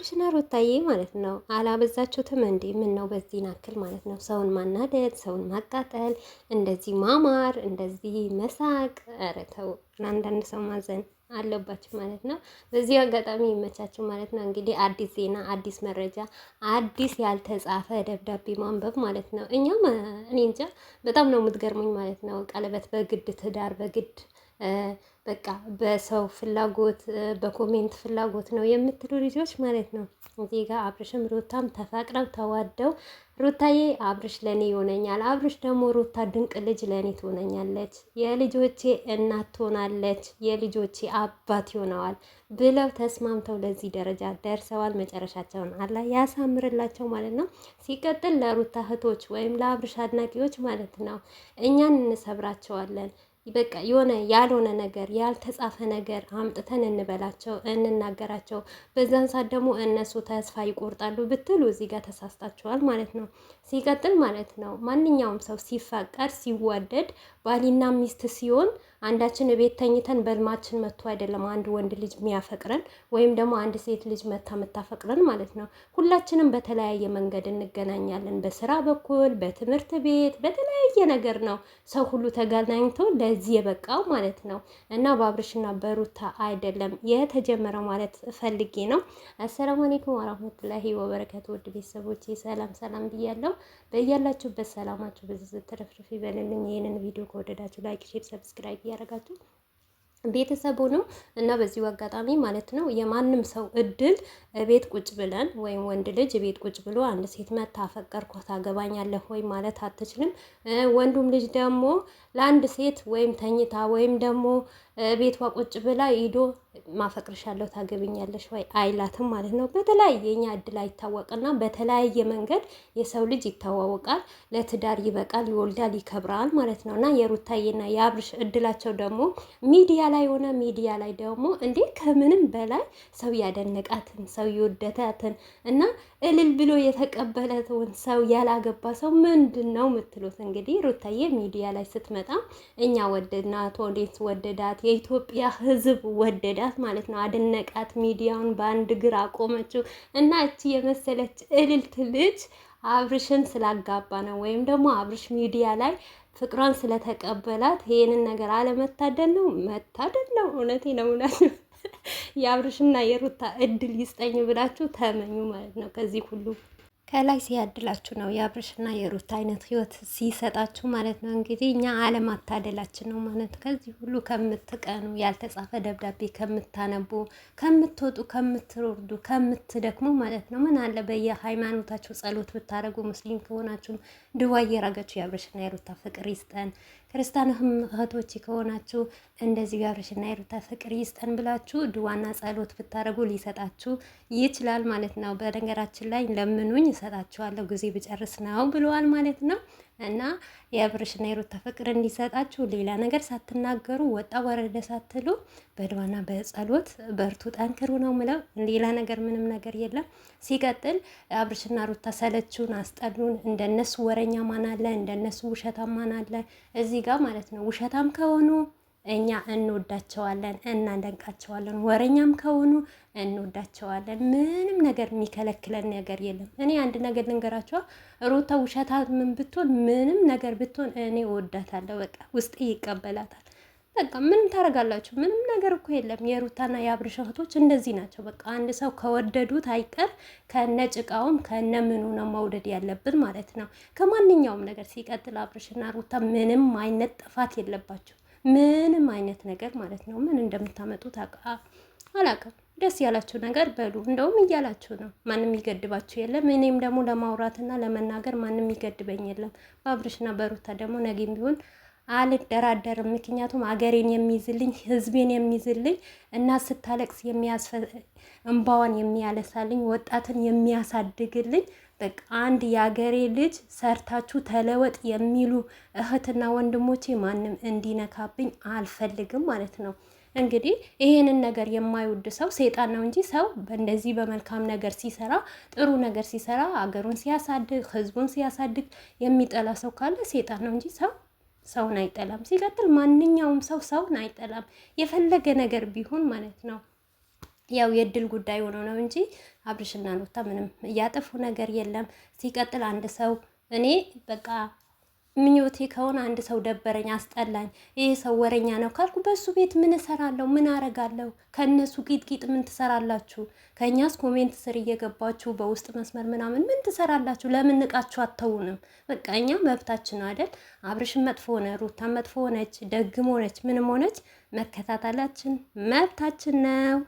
አብርሽና ሩታዬ ማለት ነው አላበዛችሁትም እንዴ? ምን ነው በዚህ ናክል ማለት ነው ሰውን ማናደድ፣ ሰውን ማቃጠል፣ እንደዚህ ማማር፣ እንደዚህ መሳቅ። ኧረ ተው፣ ለአንዳንድ ሰው ማዘን አለባችሁ ማለት ነው። በዚህ አጋጣሚ ይመቻችሁ ማለት ነው። እንግዲህ አዲስ ዜና፣ አዲስ መረጃ፣ አዲስ ያልተጻፈ ደብዳቤ ማንበብ ማለት ነው። እኛም እኔ እንጃ በጣም ነው የምትገርሙኝ ማለት ነው። ቀለበት በግድ ትዳር በግድ በቃ በሰው ፍላጎት በኮሜንት ፍላጎት ነው የምትሉ ልጆች ማለት ነው። እዚህ ጋር አብርሽም ሩታም ተፋቅረው ተዋደው ሩታዬ አብርሽ ለኔ ይሆነኛል፣ አብርሽ ደግሞ ሩታ ድንቅ ልጅ ለኔ ትሆነኛለች፣ የልጆቼ እናት ትሆናለች፣ የልጆቼ አባት ይሆነዋል ብለው ተስማምተው ለዚህ ደረጃ ደርሰዋል። መጨረሻቸውን አላ ያሳምርላቸው ማለት ነው። ሲቀጥል ለሩታ እህቶች ወይም ለአብርሽ አድናቂዎች ማለት ነው እኛን እንሰብራቸዋለን። በቃ የሆነ ያልሆነ ነገር ያልተጻፈ ነገር አምጥተን እንበላቸው እንናገራቸው። በዛን ሰዓት ደግሞ እነሱ ተስፋ ይቆርጣሉ ብትሉ እዚህ ጋር ተሳስታችኋል ማለት ነው። ሲቀጥል ማለት ነው ማንኛውም ሰው ሲፋቀር ሲዋደድ ባሊና ሚስት ሲሆን አንዳችን ቤት ተኝተን በልማችን መጥቶ አይደለም አንድ ወንድ ልጅ የሚያፈቅረን ወይም ደግሞ አንድ ሴት ልጅ መታ የምታፈቅረን ማለት ነው። ሁላችንም በተለያየ መንገድ እንገናኛለን። በስራ በኩል በትምህርት ቤት በተለያየ ነገር ነው ሰው ሁሉ ተገናኝቶ ለዚህ የበቃው ማለት ነው እና በአብርሽና በሩታ አይደለም የተጀመረ ማለት ፈልጌ ነው። አሰላሙ አለይኩም ወራህመቱላሂ ወበረከቱ። ውድ ቤተሰቦች ሰላም ሰላም ብያለሁ። በያላችሁበት ሰላማችሁ ብዙ ትርፍርፍ ይበልልኝ። ይህንን ቪዲዮ ከወደዳችሁ ላይክ፣ ሼር፣ ሰብስክራይብ እያደረጋችሁ ቤተሰቡ ነው እና በዚሁ አጋጣሚ ማለት ነው የማንም ሰው እድል ቤት ቁጭ ብለን ወይም ወንድ ልጅ ቤት ቁጭ ብሎ አንድ ሴት መታ አፈቀርኳት አገባኛለሁ ወይ ማለት አትችልም። ወንዱም ልጅ ደግሞ ለአንድ ሴት ወይም ተኝታ ወይም ደግሞ ቤቷ ቁጭ ብላ ሂዶ ማፈቅርሻለሁ ታገብኛለሽ ወይ አይላትም ማለት ነው። በተለያየ ኛ እድል አይታወቅና በተለያየ መንገድ የሰው ልጅ ይተዋወቃል፣ ለትዳር ይበቃል፣ ይወልዳል፣ ይከብራል ማለት ነው እና የሩታዬና የአብርሽ እድላቸው ደግሞ ሚዲያ ላይ ሆነ ሚዲያ ላይ ደግሞ እንዴ ከምንም በላይ ሰው ያደነቃትን ሰው የወደታትን እና እልል ብሎ የተቀበለትን ሰው ያላገባ ሰው ምንድን ነው የምትሉት? እንግዲህ ሩታዬ ሚዲያ ላይ ስትመጣ እኛ ወደድናት፣ ወዴት ወደዳት የኢትዮጵያ ሕዝብ ወደዳት ማለት ነው፣ አደነቃት። ሚዲያውን በአንድ እግር አቆመችው እና እቺ የመሰለች እልልት ልጅ አብርሽን ስላጋባ ነው ወይም ደግሞ አብርሽ ሚዲያ ላይ ፍቅሯን ስለተቀበላት ይሄንን ነገር አለመታደል ነው መታደል ነው። እውነቴ ነው እውነት የአብርሽና የሩታ እድል ይስጠኝ ብላችሁ ተመኙ ማለት ነው ከዚህ ሁሉ ከላይ ሲያድላችሁ ነው የአብርሽና የሩት አይነት ህይወት ሲሰጣችሁ ማለት ነው። እንግዲህ እኛ አታደላችን ነው ማለት ከዚህ ሁሉ ከምትቀኑ፣ ያልተጻፈ ደብዳቤ ከምታነቡ፣ ከምትወጡ፣ ከምትወርዱ፣ ከምትደክሙ ማለት ነው። ምን አለ በየሃይማኖታችሁ ጸሎት ብታደረጉ ሙስሊም ከሆናችሁም ድዋ እየራገችሁ የአብርሽና የሩታ ፍቅር ይስጠን፣ ክርስቲያን እህቶች ከሆናችሁ እንደዚህ የአብርሽና የሩታ ፍቅር ይስጠን ብላችሁ ድዋና ጸሎት ብታደረጉ ሊሰጣችሁ ይችላል ማለት ነው። በነገራችን ላይ ለምኑኝ እሰጣችኋለሁ ጊዜ ብጨርስ ነው ብለዋል ማለት ነው። እና የአብርሽና የሩታ ፍቅር እንዲሰጣችሁ ሌላ ነገር ሳትናገሩ ወጣ ወረደ ሳትሉ በድዋና በጸሎት በርቱ፣ ጠንክሩ ነው ምለው። ሌላ ነገር ምንም ነገር የለም። ሲቀጥል አብርሽና ሩታ ሰለችውን አስጠሉን። እንደነሱ ወረኛ ማን አለ? እንደነሱ ውሸታም ማን አለ? እዚህ ጋር ማለት ነው ውሸታም ከሆኑ እኛ እንወዳቸዋለን፣ እናደንቃቸዋለን። ወረኛም ከሆኑ እንወዳቸዋለን። ምንም ነገር የሚከለክለን ነገር የለም። እኔ አንድ ነገር ልንገራቸዋ፣ ሩታ ውሸታት ምን ብትሆን ምንም ነገር ብትሆን እኔ እወዳታለሁ። በቃ ውስጤ ይቀበላታል። በቃ ምንም ታደርጋላችሁ፣ ምንም ነገር እኮ የለም። የሩታና የአብርሽ እህቶች እንደዚህ ናቸው። በቃ አንድ ሰው ከወደዱት አይቀር ከነ ጭቃውም ከነ ምኑ ነው መውደድ ያለብን ማለት ነው፣ ከማንኛውም ነገር ሲቀጥል፣ አብርሽና ሩታ ምንም አይነት ጥፋት የለባቸው ምንም አይነት ነገር ማለት ነው። ምን እንደምታመጡት አላውቅም። ደስ ያላችሁ ነገር በሉ። እንደውም እያላችሁ ነው። ማንም ይገድባችሁ የለም። እኔም ደግሞ ለማውራትና ለመናገር ማንም ይገድበኝ የለም። በአብርሽና በሩታ ደግሞ ነገም ቢሆን አልደራደርም። ምክንያቱም አገሬን የሚይዝልኝ ህዝቤን የሚይዝልኝ እና ስታለቅስ እንባዋን የሚያለሳልኝ ወጣትን የሚያሳድግልኝ በቃ አንድ የአገሬ ልጅ ሰርታችሁ ተለወጥ የሚሉ እህትና ወንድሞቼ ማንም እንዲነካብኝ አልፈልግም ማለት ነው። እንግዲህ ይሄንን ነገር የማይወድ ሰው ሰይጣን ነው እንጂ ሰው እንደዚህ በመልካም ነገር ሲሰራ ጥሩ ነገር ሲሰራ አገሩን ሲያሳድግ ህዝቡን ሲያሳድግ የሚጠላ ሰው ካለ ሰይጣን ነው እንጂ ሰው ሰውን አይጠላም። ሲቀጥል ማንኛውም ሰው ሰውን አይጠላም የፈለገ ነገር ቢሆን ማለት ነው። ያው የእድል ጉዳይ ሆኖ ነው እንጂ አብርሽና ሩታ ምንም እያጠፉ ነገር የለም። ሲቀጥል አንድ ሰው እኔ በቃ ምኞቴ ከሆነ አንድ ሰው ደበረኝ፣ አስጠላኝ፣ ይሄ ሰው ወረኛ ነው ካልኩ በሱ ቤት ምን እሰራለሁ? ምን አረጋለሁ? ከእነሱ ቂጥቂጥ ምን ትሰራላችሁ? ከእኛስ ኮሜንት ስር እየገባችሁ በውስጥ መስመር ምናምን ምን ትሰራላችሁ? ለምን ንቃችሁ አተውንም? በቃ እኛ መብታችን አይደል? አብርሽን መጥፎ ሆነ፣ ሩታ መጥፎ ሆነች፣ ደግም ሆነች፣ ምንም ሆነች መከታተላችን መብታችን ነው።